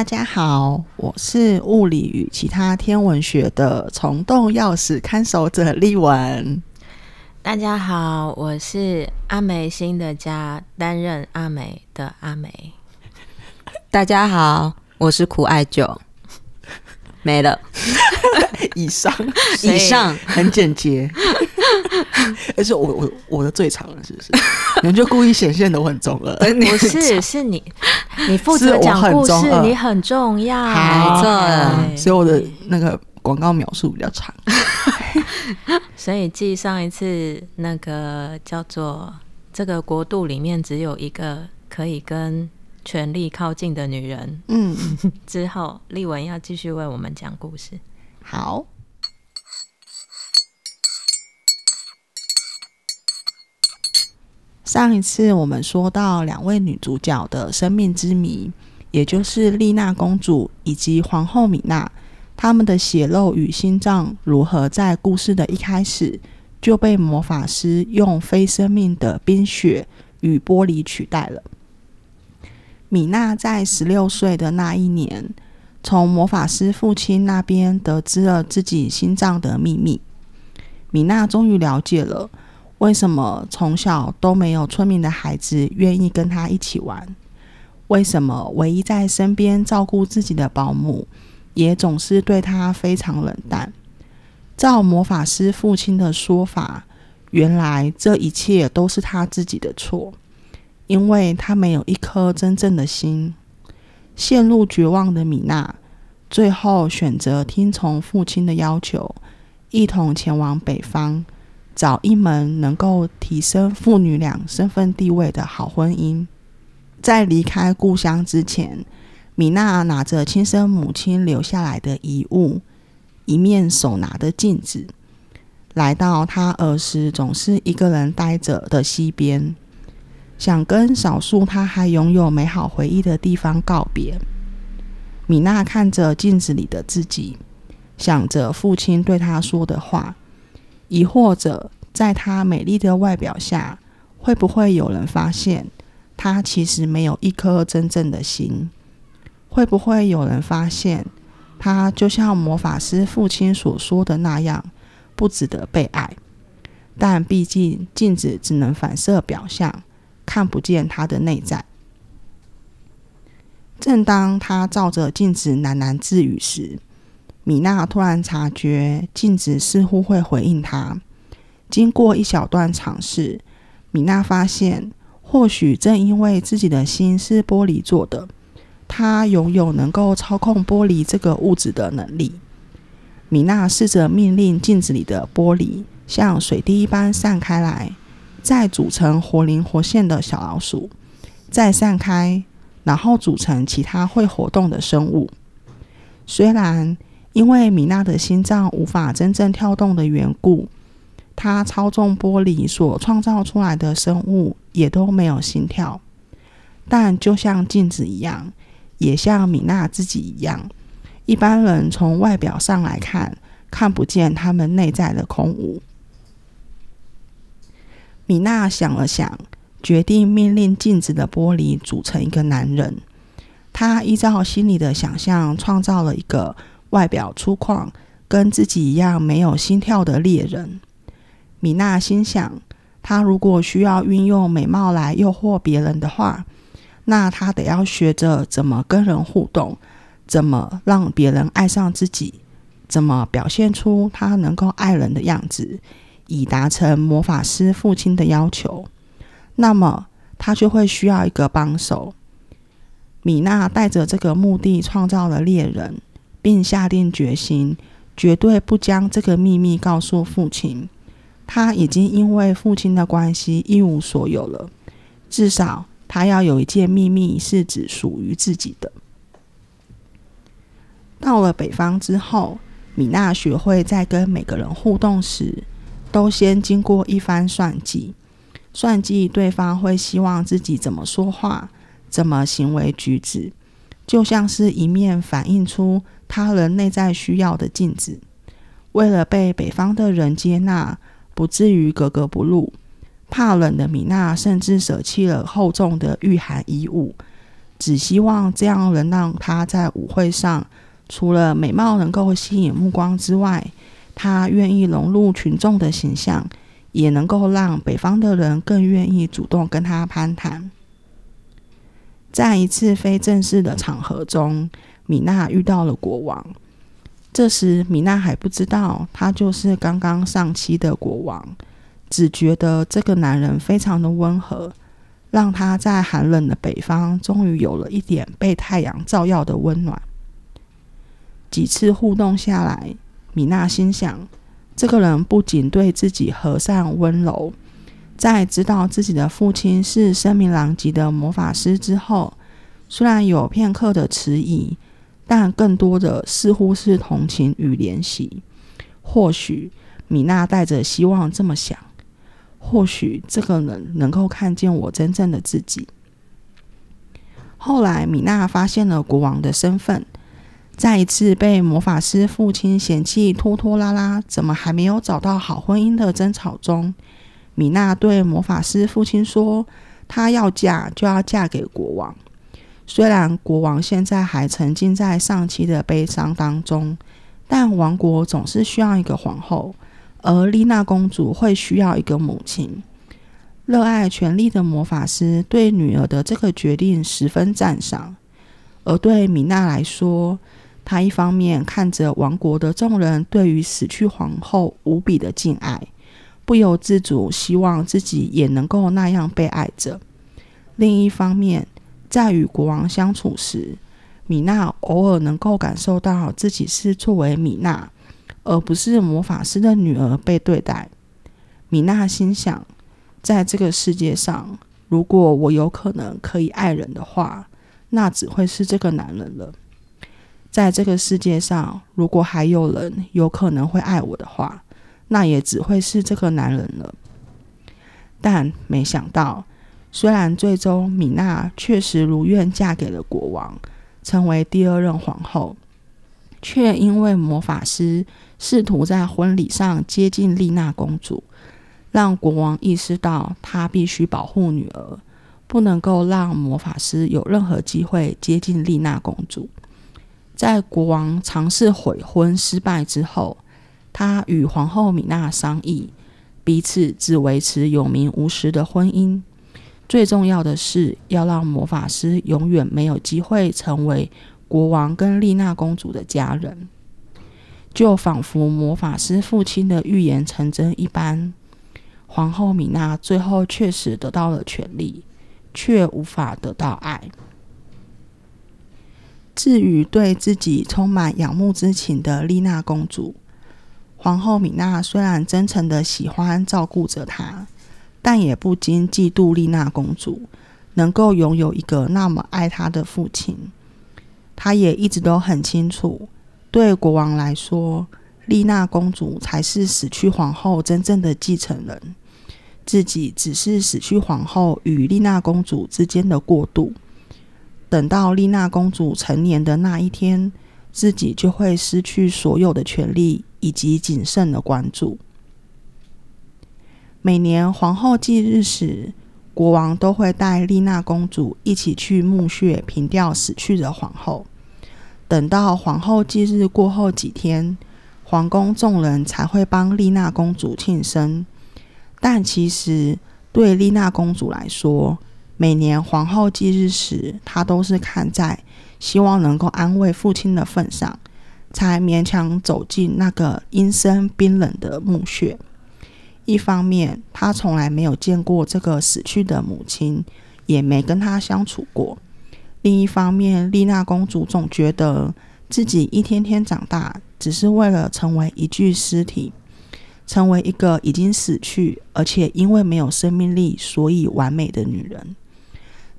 大家好，我是物理與其它天文學的蟲洞鑰匙看守者俐文。大家好，我是阿梅心的家擔任阿梅的阿梅。 大家好，我是苦艾酒。沒了，以上以上，很簡潔，而且我我我的最長了，是不是？你們就故意顯現得我很重了。不是，是你你負責講故事，你很重要。沒錯，所以我的那個廣告描述比較長。所以繼上一次那個叫做這個國度裡面只有一個可以跟。全力靠近的女人。嗯，之後俐文要繼續為我們講故事。好，上一次我們說到兩位女主角的生命之謎，也就是麗娜公主以及皇後米娜，她們的血肉與心臟如何在故事的一開始就被魔法師用非生命的冰雪與玻璃取代了。米娜在十六歲的那一年，從魔法師父親那邊得知了自己心臟的秘密。米娜終於了解了為什麼從小都沒有村民的孩子願意跟她一起玩，為什麼唯一在身邊照顧自己的保姆也總是對她非常冷淡。照魔法師父親的說法，原來這一切都是他自己的錯。因為他沒有一顆真正的心，陷入絕望的米娜，最後選擇聽從父親的要求，一同前往北方，找一門能夠提昇父女倆身份地位的好婚姻。在離開故鄉之前，米娜拿着親生母親留下來的遺物——一面手拿的鏡子，來到她兒時總是一個人呆着的溪邊。想跟少數她還擁有美好回憶的地方告別。米娜看着鏡子裡的自己，想着父親對她說的話，亦或者在她美麗的外表下，會不會有人發現她其實沒有一顆真正的心？會不會有人發現她就像魔法師父親所說的那樣，不值得被愛？但畢竟鏡子只能反射表象。看不見他的內在。正當他照着鏡子喃喃自語時，米娜突然察覺，鏡子似乎會回應他。經過一小段嘗試，米娜發現，或許正因為自己的心是玻璃做的，她擁有，有能夠操控玻璃這個物質的能力。米娜試着命令鏡子裡的玻璃像水滴一般散開來。再組成活靈活現的小老鼠，再散開，然後組成其他會活動的生物。雖然因為米娜的心臟無法真正跳動的緣故，她操縱玻璃所創造出來的生物也都沒有心跳，但就像鏡子一樣，也像米娜自己一樣，一般人從外表上來看，看不見他們內在的空無。米娜想了想，決定命令鏡子的玻璃組成一個男人。她依照心裡的想象，創造了一個外表粗獷、跟自己一樣沒有心跳的獵人。米娜心想，她如果需要運用美貌來誘惑別人的話，那她得要學着怎麼跟人互動，怎麼讓別人愛上自己，怎麼表現出她能夠愛人的樣子。以達成魔法師父親的要求，那麼他就會需要一個幫手。米娜帶着這個目的創造了獵人，並下定決心絕對不將這個秘密告訴父親。他已經因為父親的關係一無所有了，至少他要有一件秘密是只屬於自己的。到了北方之後，米娜學會在跟每個人互動時，都先經過一番算計，算計對方會希望自己怎麼說話，怎麼行為舉止，就像是一面反映出他人內在需要的鏡子。為了被北方的人接納，不至於格格不入，怕冷的米娜甚至捨棄了厚重的禦寒衣物，只希望這樣能讓她在舞會上，除了美貌能夠吸引目光之外。他願意融入群眾的形象，也能夠讓北方的人更願意主動跟他攀談。在一次非正式的場合中，米娜遇到了國王。這時，米娜還不知道他就是剛剛上期的國王，只覺得這個男人非常的溫和，讓他在寒冷的北方終於有了一點被太陽照耀的溫暖。幾次互動下來，米娜心想，這個人不僅對自己和善溫柔，在知道自己的父親是聲名狼藉的魔法師之後，雖然有片刻的遲疑，但更多的似乎是同情與憐惜。或許米娜帶着希望這麼想，或許這個人能夠看見我真正的自己。後來，米娜發現了國王的身份。在一次被魔法師父親嫌棄拖拖拉拉、怎麼還沒有找到好婚姻的爭吵中，米娜對魔法師父親說：“她要嫁就要嫁給國王。雖然國王現在還沉浸在喪妻的悲傷當中，但王國總是需要一個皇後，而麗娜公主會需要一個母親。熱愛權力的魔法師對女兒的這個決定十分讚賞，而對米娜來說。”他一方面看着王國的眾人對於死去皇后無比的敬愛，不由自主希望自己也能夠那樣被愛着；另一方面，在與國王相處時，米娜偶爾能夠感受到自己是作為米娜，而不是魔法師的女兒被對待。米娜心想，在這個世界上，如果我有可能可以愛人的話，那只會是這個男人了。在這個世界上，如果還有人有可能會愛我的話，那也只會是這個男人了。但沒想到，雖然最終米娜確實如願嫁給了國王，成為第二任皇後，卻因為魔法師試圖在婚禮上接近麗娜公主，讓國王意識到他必須保護女兒，不能夠讓魔法師有任何機會接近麗娜公主。在國王嘗試悔婚失敗之後，他與皇後米娜商議，彼此只維持有名無實的婚姻。最重要的是，要讓魔法師永遠沒有機會成為國王跟麗娜公主的家人。就仿佛魔法師父親的預言成真一般，皇後米娜最後確實得到了權力，卻無法得到愛。至於對自己充滿仰慕之情的麗娜公主，皇後米娜雖然真誠地喜歡照顧着她，但也不禁嫉妒麗娜公主能夠擁有一個那麼愛她的父親。她也一直都很清楚，對國王來說，麗娜公主才是死去皇后真正的繼承人，自己只是死去皇后與麗娜公主之間的過渡。等到麗娜公主成年的那一天，自己就會失去所有的權利以及僅剩的關注。每年皇后忌日時，國王都會帶麗娜公主一起去墓穴憑吊死去的皇後。等到皇后忌日過後幾天，皇宮眾人才會幫麗娜公主慶生。但其實，對麗娜公主來說，每年皇后忌日時，她都是看在希望能夠安慰父親的份上，才勉強走進那個陰森冰冷的墓穴。一方面，她從來沒有見過這個死去的母親，也沒跟她相處過；另一方面，麗娜公主總覺得自己一天天長大，只是為了成為一具屍體，成為一個已經死去，而且因為沒有生命力，所以完美的女人。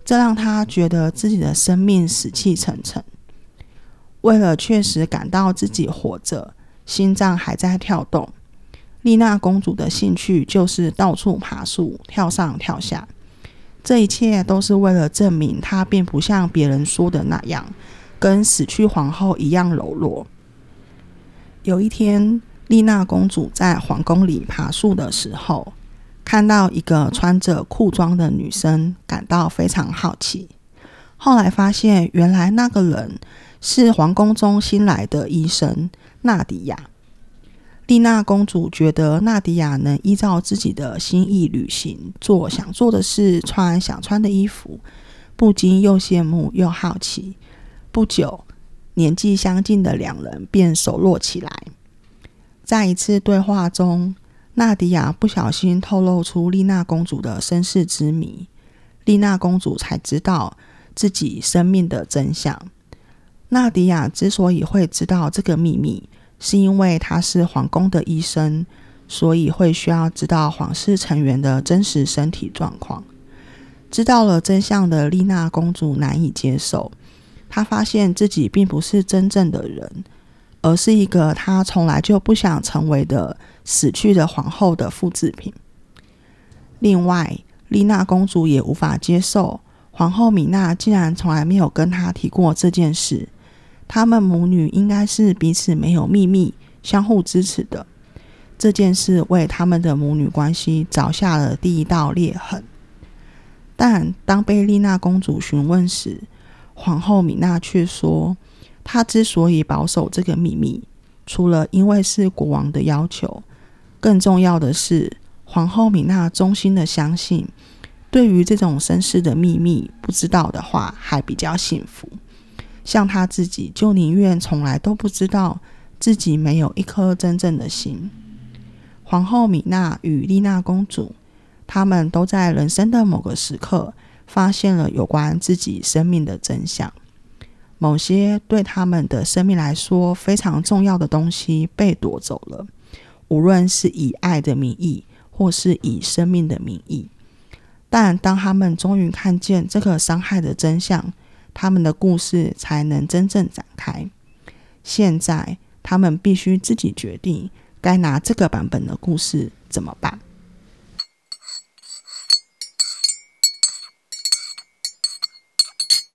這讓她覺得自己的生命死氣沉沉。為了確實感到自己活着，心臟還在跳動，麗娜公主的興趣就是到處爬樹、跳上跳下。這一切都是為了證明她並不像別人說的那樣，跟死去皇後一樣柔弱。有一天，麗娜公主在皇宮裡爬樹的時候，看到一個穿着褲裝的女生，感到非常好奇。後來發現，原來那個人是皇宮中新來的醫生納迪亞。麗娜公主覺得娜迪亞能依照自己的心意旅行，做想做的事，穿想穿的衣服，不禁又羨慕又好奇。不久，年紀相近的兩人便熟絡起來。在一次對話中。娜迪亞不小心透露出麗娜公主的身世之謎，麗娜公主才知道自己生命的真相。娜迪亞之所以會知道這個秘密，是因為她是皇宮的醫生，所以會需要知道皇室成員的真實身體狀況。知道了真相的麗娜公主難以接受，她發現自己並不是真正的人。而是一個她從來就不想成為的死去的皇後的複製品。另外，麗娜公主也無法接受，皇後米娜竟然從來沒有跟她提過這件事。她們母女應該是彼此沒有秘密，相互支持的。這件事為她們的母女關係鑿下了第一道裂痕。但當被麗娜公主詢問時，皇後米娜卻說。他之所以保守這個秘密，除了因為是國王的要求，更重要的是，皇後米娜衷心的相信，對於這種身世的秘密，不知道的話，還比較幸福。像她自己，就寧願從來都不知道自己沒有一顆真正的心。皇後米娜與麗娜公主，她們，都在人生的某個時刻，發現了有關自己生命的真相。某些對他們的生命來說非常重要的東西被奪走了，無論是以愛的名義，或是以生命的名義。但當他們終於看見這個傷害的真相，他們的故事才能真正展開。現在，他們必須自己決定該拿這個版本的故事怎麼辦。